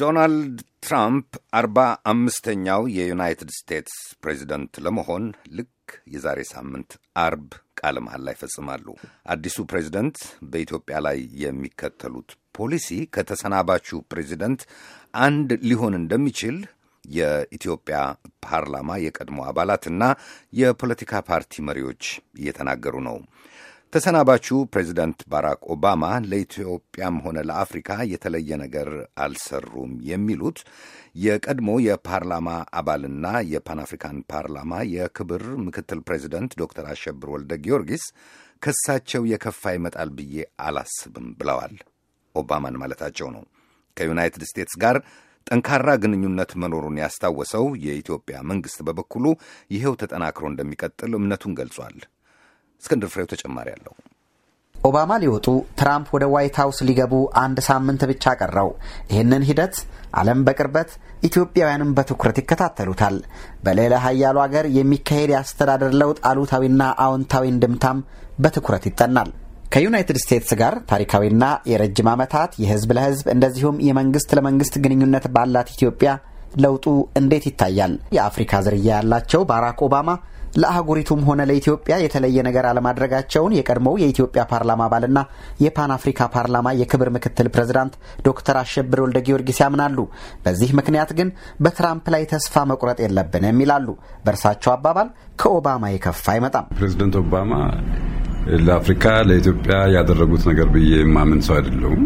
ዶናልድ ትራምፕ አርባ አምስተኛው የዩናይትድ ስቴትስ ፕሬዚደንት ለመሆን ልክ የዛሬ ሳምንት አርብ ቃለ ላይ ይፈጽማሉ። አዲሱ ፕሬዚደንት በኢትዮጵያ ላይ የሚከተሉት ፖሊሲ ከተሰናባቹ ፕሬዚደንት አንድ ሊሆን እንደሚችል የኢትዮጵያ ፓርላማ የቀድሞ አባላትና የፖለቲካ ፓርቲ መሪዎች እየተናገሩ ነው። ተሰናባቹ ፕሬዚደንት ባራክ ኦባማ ለኢትዮጵያም ሆነ ለአፍሪካ የተለየ ነገር አልሰሩም የሚሉት የቀድሞ የፓርላማ አባልና የፓን አፍሪካን ፓርላማ የክብር ምክትል ፕሬዚደንት ዶክተር አሸብር ወልደ ጊዮርጊስ ክሳቸው የከፋ ይመጣል ብዬ አላስብም ብለዋል። ኦባማን ማለታቸው ነው። ከዩናይትድ ስቴትስ ጋር ጠንካራ ግንኙነት መኖሩን ያስታወሰው የኢትዮጵያ መንግሥት በበኩሉ ይኸው ተጠናክሮ እንደሚቀጥል እምነቱን ገልጿል። እስክንድር ፍሬው ተጨማሪ አለው። ኦባማ ሊወጡ ትራምፕ ወደ ዋይት ሀውስ ሊገቡ አንድ ሳምንት ብቻ ቀረው። ይህንን ሂደት ዓለም በቅርበት ኢትዮጵያውያንም በትኩረት ይከታተሉታል። በሌላ ሀያሉ አገር የሚካሄድ የአስተዳደር ለውጥ አሉታዊና አዎንታዊ እንድምታም በትኩረት ይጠናል። ከዩናይትድ ስቴትስ ጋር ታሪካዊና የረጅም ዓመታት የህዝብ ለህዝብ እንደዚሁም የመንግስት ለመንግስት ግንኙነት ባላት ኢትዮጵያ ለውጡ እንዴት ይታያል? የአፍሪካ ዝርያ ያላቸው ባራክ ኦባማ ለአህጉሪቱም ሆነ ለኢትዮጵያ የተለየ ነገር አለማድረጋቸውን የቀድሞው የኢትዮጵያ ፓርላማ አባልና የፓን አፍሪካ ፓርላማ የክብር ምክትል ፕሬዝዳንት ዶክተር አሸብር ወልደ ጊዮርጊስ ያምናሉ። በዚህ ምክንያት ግን በትራምፕ ላይ ተስፋ መቁረጥ የለብንም ይላሉ። በእርሳቸው አባባል ከኦባማ የከፋ አይመጣም። ፕሬዚደንት ኦባማ ለአፍሪካ ለኢትዮጵያ ያደረጉት ነገር ብዬ የማምን ሰው አይደለሁም።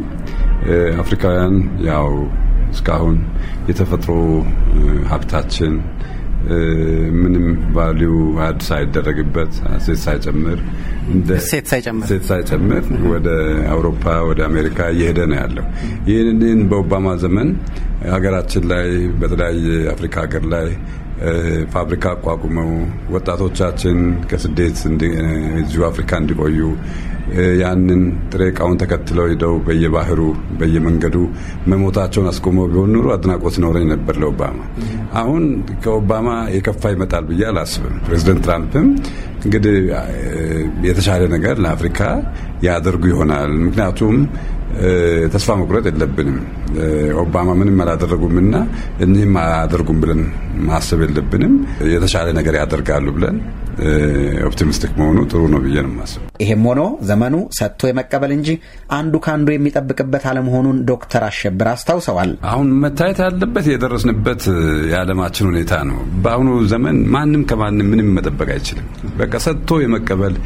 አፍሪካውያን ያው እስካሁን የተፈጥሮ ሀብታችን ምንም ቫሊዩ አድ ሳይደረግበት ሴት ሳይጨምር ሴት ሳይጨምር ሴት ሳይጨምር ወደ አውሮፓ ወደ አሜሪካ እየሄደ ነው ያለው። ይህንን በኦባማ ዘመን ሀገራችን ላይ በተለያየ አፍሪካ ሀገር ላይ ፋብሪካ አቋቁመው ወጣቶቻችን ከስደት እዚሁ አፍሪካ እንዲቆዩ ያንን ጥሬ እቃውን ተከትለው ሂደው በየባህሩ በየመንገዱ መሞታቸውን አስቆመው ቢሆን ኑሮ አድናቆት ኖረኝ ነበር ለኦባማ። አሁን ከኦባማ የከፋ ይመጣል ብዬ አላስብም። ፕሬዚደንት ትራምፕም እንግዲህ የተሻለ ነገር ለአፍሪካ ያደርጉ ይሆናል ምክንያቱም ተስፋ መቁረጥ የለብንም። ኦባማ ምንም አላደረጉምና እኒህም አያደርጉም ብለን ማሰብ የለብንም። የተሻለ ነገር ያደርጋሉ ብለን ኦፕቲሚስቲክ መሆኑ ጥሩ ነው ብዬ ነው የማስበው። ይሄም ሆኖ ዘመኑ ሰጥቶ የመቀበል እንጂ አንዱ ከአንዱ የሚጠብቅበት አለመሆኑን ዶክተር አሸብር አስታውሰዋል። አሁን መታየት ያለበት የደረስንበት የዓለማችን ሁኔታ ነው። በአሁኑ ዘመን ማንም ከማንም ምንም መጠበቅ አይችልም። በቃ ሰጥቶ የመቀበል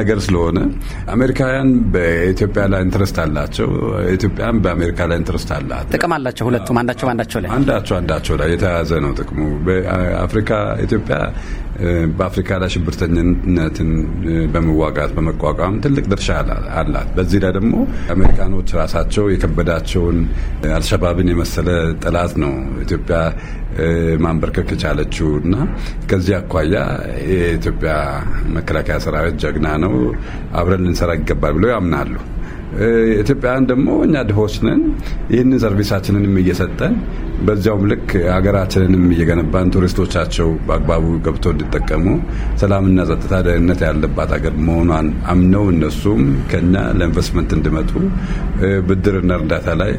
ነገር ስለሆነ አሜሪካውያን በኢትዮጵያ ላይ ኢንትረስት አላቸው። ኢትዮጵያም በአሜሪካ ላይ ኢንትረስት አላት። ጥቅም አላቸው ሁለቱም፣ አንዳቸው አንዳቸው ላይ አንዳቸው አንዳቸው ላይ የተያያዘ ነው ጥቅሙ። በአፍሪካ ኢትዮጵያ በአፍሪካ ላይ ሽብርተኝነትን በመዋጋት በመቋቋም ትልቅ ድርሻ አላት። በዚህ ላይ ደግሞ አሜሪካኖች ራሳቸው የከበዳቸውን አልሸባብን የመሰለ ጠላት ነው ኢትዮጵያ ማንበርከክ የቻለችው እና ከዚህ አኳያ የኢትዮጵያ መከላከያ ሰራዊት ጀግና ነው፣ አብረን ልንሰራ ይገባል ብለው ያምናሉ። ኢትዮጵያውያን ደግሞ እኛ ድሆች ነን። ይህንን ሰርቪሳችንንም እየሰጠን በዚያውም ልክ ሀገራችንንም እየገነባን ቱሪስቶቻቸው በአግባቡ ገብተው እንዲጠቀሙ ሰላምና ጸጥታ፣ ደህንነት ያለባት ሀገር መሆኗን አምነው እነሱም ከኛ ለኢንቨስትመንት እንዲመጡ ብድርና እርዳታ ላይ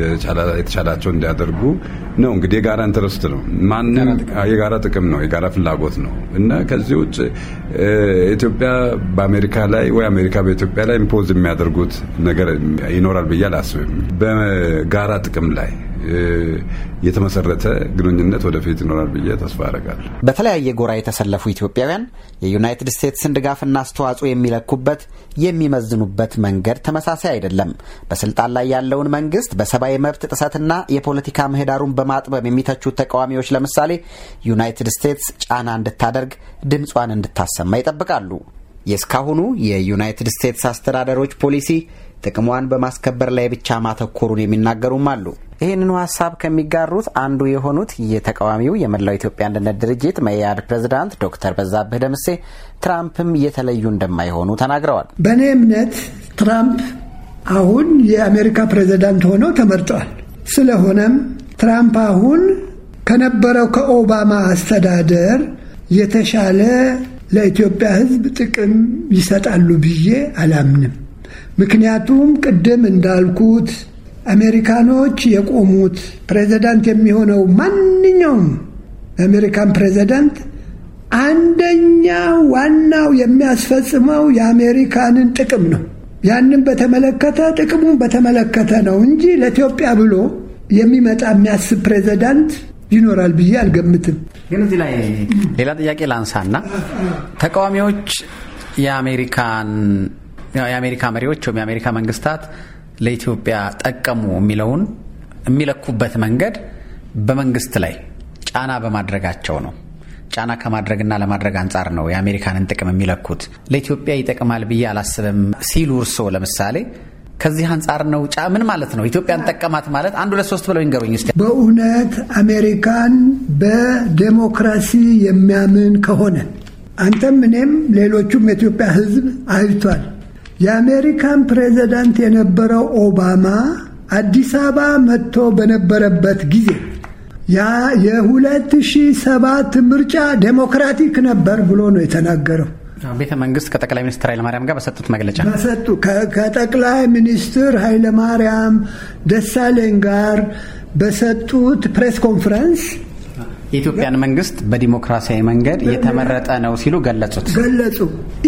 የተቻላቸው እንዲያደርጉ ነው። እንግዲህ የጋራ ኢንተረስት ነው፣ ማንም የጋራ ጥቅም ነው፣ የጋራ ፍላጎት ነው እና ከዚህ ውጭ ኢትዮጵያ በአሜሪካ ላይ ወይ አሜሪካ በኢትዮጵያ ላይ ኢምፖዝ የሚያደርጉት ነገር ይኖራል ብዬ አላስብም። በጋራ ጥቅም ላይ የተመሰረተ ግንኙነት ወደፊት ይኖራል ብዬ ተስፋ አደርጋለሁ። በተለያየ ጎራ የተሰለፉ ኢትዮጵያውያን የዩናይትድ ስቴትስን ድጋፍና አስተዋጽኦ የሚለኩበት የሚመዝኑበት መንገድ ተመሳሳይ አይደለም። በስልጣን ላይ ያለውን መንግስት በሰብአዊ መብት ጥሰትና የፖለቲካ ምህዳሩን በማጥበብ የሚተቹት ተቃዋሚዎች ለምሳሌ ዩናይትድ ስቴትስ ጫና እንድታደርግ ድምጿን እንድታሰማ ይጠብቃሉ። የእስካሁኑ የዩናይትድ ስቴትስ አስተዳደሮች ፖሊሲ ጥቅሟን በማስከበር ላይ ብቻ ማተኮሩን የሚናገሩም አሉ። ይህንኑ ሀሳብ ከሚጋሩት አንዱ የሆኑት የተቃዋሚው የመላው ኢትዮጵያ አንድነት ድርጅት መያድ ፕሬዝዳንት ዶክተር በዛብህ ደምሴ ትራምፕም የተለዩ እንደማይሆኑ ተናግረዋል። በእኔ እምነት ትራምፕ አሁን የአሜሪካ ፕሬዝዳንት ሆነው ተመርጠዋል። ስለሆነም ትራምፕ አሁን ከነበረው ከኦባማ አስተዳደር የተሻለ ለኢትዮጵያ ሕዝብ ጥቅም ይሰጣሉ ብዬ አላምንም። ምክንያቱም ቅድም እንዳልኩት አሜሪካኖች የቆሙት ፕሬዚዳንት የሚሆነው ማንኛውም የአሜሪካን ፕሬዚዳንት አንደኛ ዋናው የሚያስፈጽመው የአሜሪካንን ጥቅም ነው። ያንን በተመለከተ ጥቅሙን በተመለከተ ነው እንጂ ለኢትዮጵያ ብሎ የሚመጣ የሚያስብ ፕሬዚዳንት ይኖራል ብዬ አልገምትም። ግን እዚህ ላይ ሌላ ጥያቄ ላንሳና ተቃዋሚዎች የአሜሪካን የአሜሪካ መሪዎች ወይም የአሜሪካ መንግስታት ለኢትዮጵያ ጠቀሙ የሚለውን የሚለኩበት መንገድ በመንግስት ላይ ጫና በማድረጋቸው ነው። ጫና ከማድረግና ለማድረግ አንጻር ነው የአሜሪካንን ጥቅም የሚለኩት። ለኢትዮጵያ ይጠቅማል ብዬ አላስብም ሲሉ እርስዎ ለምሳሌ ከዚህ አንጻር ነው ጫ ምን ማለት ነው? ኢትዮጵያን ጠቀማት ማለት አንድ ሁለት ሶስት ብለው ይንገሩኝ እስኪ። በእውነት አሜሪካን በዴሞክራሲ የሚያምን ከሆነ አንተም እኔም ሌሎቹም የኢትዮጵያ ሕዝብ አይቷል። የአሜሪካን ፕሬዚዳንት የነበረው ኦባማ አዲስ አበባ መጥቶ በነበረበት ጊዜ ያ የ 207 ምርጫ ዴሞክራቲክ ነበር ብሎ ነው የተናገረው። ቤተ መንግስት ከጠቅላይ ሚኒስትር ኃይለማርያም ጋር በሰጡት መግለጫ በሰጡ ከጠቅላይ ሚኒስትር ኃይለማርያም ደሳለኝ ጋር በሰጡት ፕሬስ ኮንፈረንስ የኢትዮጵያን መንግስት በዲሞክራሲያዊ መንገድ የተመረጠ ነው ሲሉ ገለጹት ገለጹ።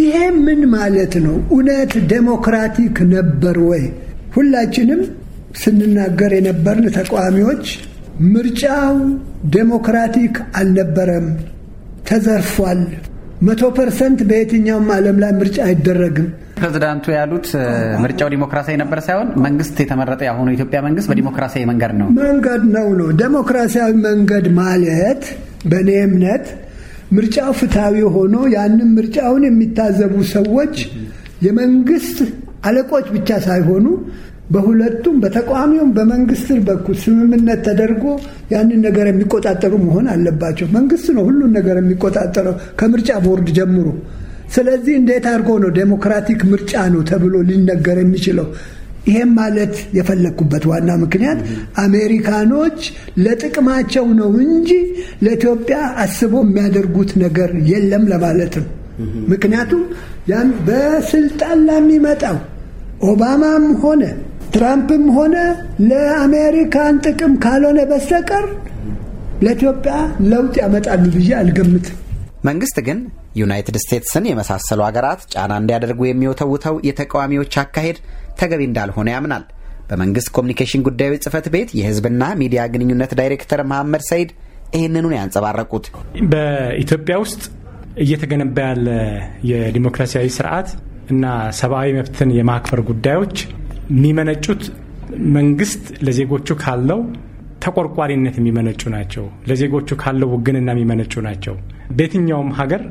ይሄ ምን ማለት ነው? እውነት ዴሞክራቲክ ነበር ወይ? ሁላችንም ስንናገር የነበርን ተቃዋሚዎች ምርጫው ዴሞክራቲክ አልነበረም፣ ተዘርፏል፣ መቶ ፐርሰንት በየትኛውም ዓለም ላይ ምርጫ አይደረግም። ፕሬዚዳንቱ ያሉት ምርጫው ዲሞክራሲያዊ ነበር ሳይሆን መንግስት የተመረጠ የአሁኑ ኢትዮጵያ መንግስት በዲሞክራሲያዊ መንገድ ነው መንገድ ነው ነው ዲሞክራሲያዊ መንገድ ማለት በእኔ እምነት ምርጫው ፍትሐዊ ሆኖ ያንም ምርጫውን የሚታዘቡ ሰዎች የመንግስት አለቆች ብቻ ሳይሆኑ በሁለቱም በተቃዋሚውም በመንግስት በኩል ስምምነት ተደርጎ ያንን ነገር የሚቆጣጠሩ መሆን አለባቸው። መንግስት ነው ሁሉን ነገር የሚቆጣጠረው ከምርጫ ቦርድ ጀምሮ። ስለዚህ እንዴት አድርጎ ነው ዴሞክራቲክ ምርጫ ነው ተብሎ ሊነገር የሚችለው? ይሄም ማለት የፈለግኩበት ዋና ምክንያት አሜሪካኖች ለጥቅማቸው ነው እንጂ ለኢትዮጵያ አስቦ የሚያደርጉት ነገር የለም ለማለት ነው። ምክንያቱም በስልጣን ለሚመጣው የሚመጣው ኦባማም ሆነ ትራምፕም ሆነ ለአሜሪካን ጥቅም ካልሆነ በስተቀር ለኢትዮጵያ ለውጥ ያመጣሉ ብዬ አልገምትም። መንግስት ግን ዩናይትድ ስቴትስን የመሳሰሉ ሀገራት ጫና እንዲያደርጉ የሚወተውተው የተቃዋሚዎች አካሄድ ተገቢ እንዳልሆነ ያምናል። በመንግስት ኮሚኒኬሽን ጉዳዮች ጽህፈት ቤት የህዝብና ሚዲያ ግንኙነት ዳይሬክተር መሐመድ ሰይድ ይህንኑን ያንጸባረቁት በኢትዮጵያ ውስጥ እየተገነባ ያለ የዲሞክራሲያዊ ስርዓት እና ሰብአዊ መብትን የማክበር ጉዳዮች የሚመነጩት መንግስት ለዜጎቹ ካለው ተቆርቋሪነት የሚመነጩ ናቸው። ለዜጎቹ ካለው ውግንና የሚመነጩ ናቸው። በየትኛውም ሀገር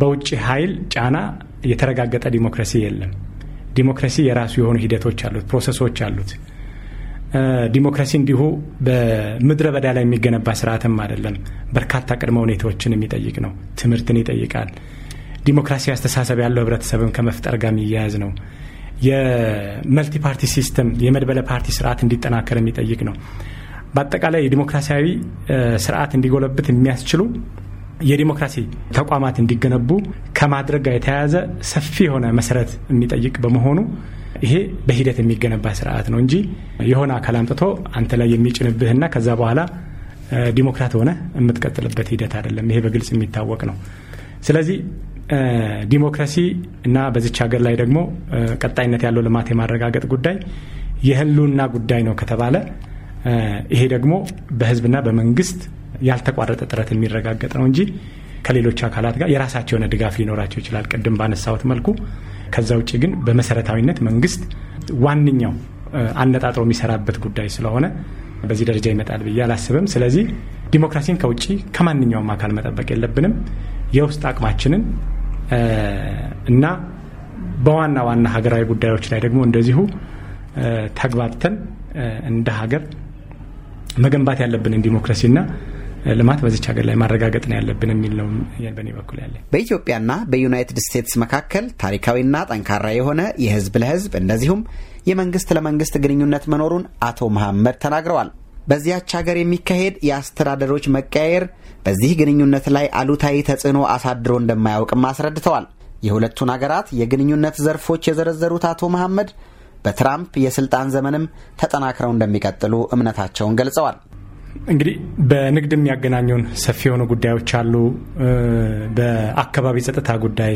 በውጭ ኃይል ጫና የተረጋገጠ ዲሞክራሲ የለም። ዲሞክራሲ የራሱ የሆኑ ሂደቶች አሉት፣ ፕሮሰሶች አሉት። ዲሞክራሲ እንዲሁ በምድረ በዳ ላይ የሚገነባ ስርዓትም አይደለም። በርካታ ቅድመ ሁኔታዎችን የሚጠይቅ ነው። ትምህርትን ይጠይቃል። ዲሞክራሲ አስተሳሰብ ያለው ህብረተሰብም ከመፍጠር ጋር የሚያያዝ ነው። የመልቲ ፓርቲ ሲስተም የመድበለ ፓርቲ ስርዓት እንዲጠናከር የሚጠይቅ ነው። በአጠቃላይ የዲሞክራሲያዊ ስርዓት እንዲጎለብት የሚያስችሉ የዲሞክራሲ ተቋማት እንዲገነቡ ከማድረግ ጋር የተያያዘ ሰፊ የሆነ መሰረት የሚጠይቅ በመሆኑ ይሄ በሂደት የሚገነባ ስርዓት ነው እንጂ የሆነ አካል አምጥቶ አንተ ላይ የሚጭንብህና ከዛ በኋላ ዲሞክራት ሆነ የምትቀጥልበት ሂደት አይደለም። ይሄ በግልጽ የሚታወቅ ነው። ስለዚህ ዲሞክራሲ እና በዚች ሀገር ላይ ደግሞ ቀጣይነት ያለው ልማት የማረጋገጥ ጉዳይ የህልውና ጉዳይ ነው ከተባለ ይሄ ደግሞ በህዝብና በመንግስት ያልተቋረጠ ጥረት የሚረጋገጥ ነው እንጂ ከሌሎች አካላት ጋር የራሳቸው የሆነ ድጋፍ ሊኖራቸው ይችላል፣ ቅድም ባነሳሁት መልኩ። ከዛ ውጭ ግን በመሰረታዊነት መንግስት ዋነኛው አነጣጥሮ የሚሰራበት ጉዳይ ስለሆነ በዚህ ደረጃ ይመጣል ብዬ አላስብም። ስለዚህ ዲሞክራሲን ከውጭ ከማንኛውም አካል መጠበቅ የለብንም። የውስጥ አቅማችንን እና በዋና ዋና ሀገራዊ ጉዳዮች ላይ ደግሞ እንደዚሁ ተግባብተን እንደ ሀገር መገንባት ያለብንን ዲሞክራሲና ልማት በዚች ሀገር ላይ ማረጋገጥ ነው ያለብን የሚል ነው በእኔ በኩል ያለ። በኢትዮጵያና በዩናይትድ ስቴትስ መካከል ታሪካዊና ጠንካራ የሆነ የህዝብ ለህዝብ እንደዚሁም የመንግስት ለመንግስት ግንኙነት መኖሩን አቶ መሐመድ ተናግረዋል። በዚያች ሀገር የሚካሄድ የአስተዳደሮች መቀያየር በዚህ ግንኙነት ላይ አሉታዊ ተጽዕኖ አሳድሮ እንደማያውቅም አስረድተዋል። የሁለቱን አገራት የግንኙነት ዘርፎች የዘረዘሩት አቶ መሐመድ በትራምፕ የስልጣን ዘመንም ተጠናክረው እንደሚቀጥሉ እምነታቸውን ገልጸዋል። እንግዲህ በንግድ የሚያገናኙን ሰፊ የሆኑ ጉዳዮች አሉ። በአካባቢ ጸጥታ ጉዳይ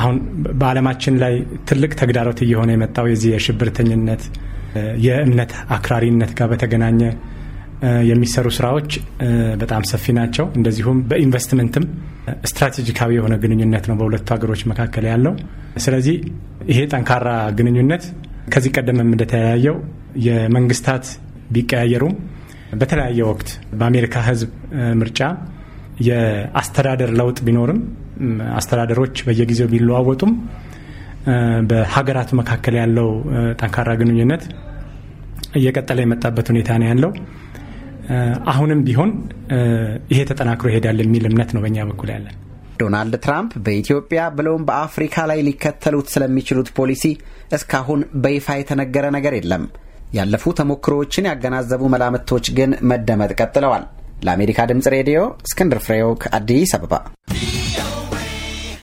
አሁን በዓለማችን ላይ ትልቅ ተግዳሮት እየሆነ የመጣው የዚህ የሽብርተኝነት የእምነት አክራሪነት ጋር በተገናኘ የሚሰሩ ስራዎች በጣም ሰፊ ናቸው። እንደዚሁም በኢንቨስትመንትም ስትራቴጂካዊ የሆነ ግንኙነት ነው በሁለቱ ሀገሮች መካከል ያለው። ስለዚህ ይሄ ጠንካራ ግንኙነት ከዚህ ቀደምም እንደተለያየው የመንግስታት ቢቀያየሩም በተለያየ ወቅት በአሜሪካ ህዝብ ምርጫ የአስተዳደር ለውጥ ቢኖርም አስተዳደሮች በየጊዜው ቢለዋወጡም በሀገራት መካከል ያለው ጠንካራ ግንኙነት እየቀጠለ የመጣበት ሁኔታ ነው ያለው። አሁንም ቢሆን ይሄ ተጠናክሮ ይሄዳል የሚል እምነት ነው በእኛ በኩል ያለን። ዶናልድ ትራምፕ በኢትዮጵያ ብለውም በአፍሪካ ላይ ሊከተሉት ስለሚችሉት ፖሊሲ እስካሁን በይፋ የተነገረ ነገር የለም። ያለፉ ተሞክሮዎችን ያገናዘቡ መላምቶች ግን መደመጥ ቀጥለዋል። ለአሜሪካ ድምፅ ሬዲዮ እስክንድር ፍሬው ከአዲስ አበባ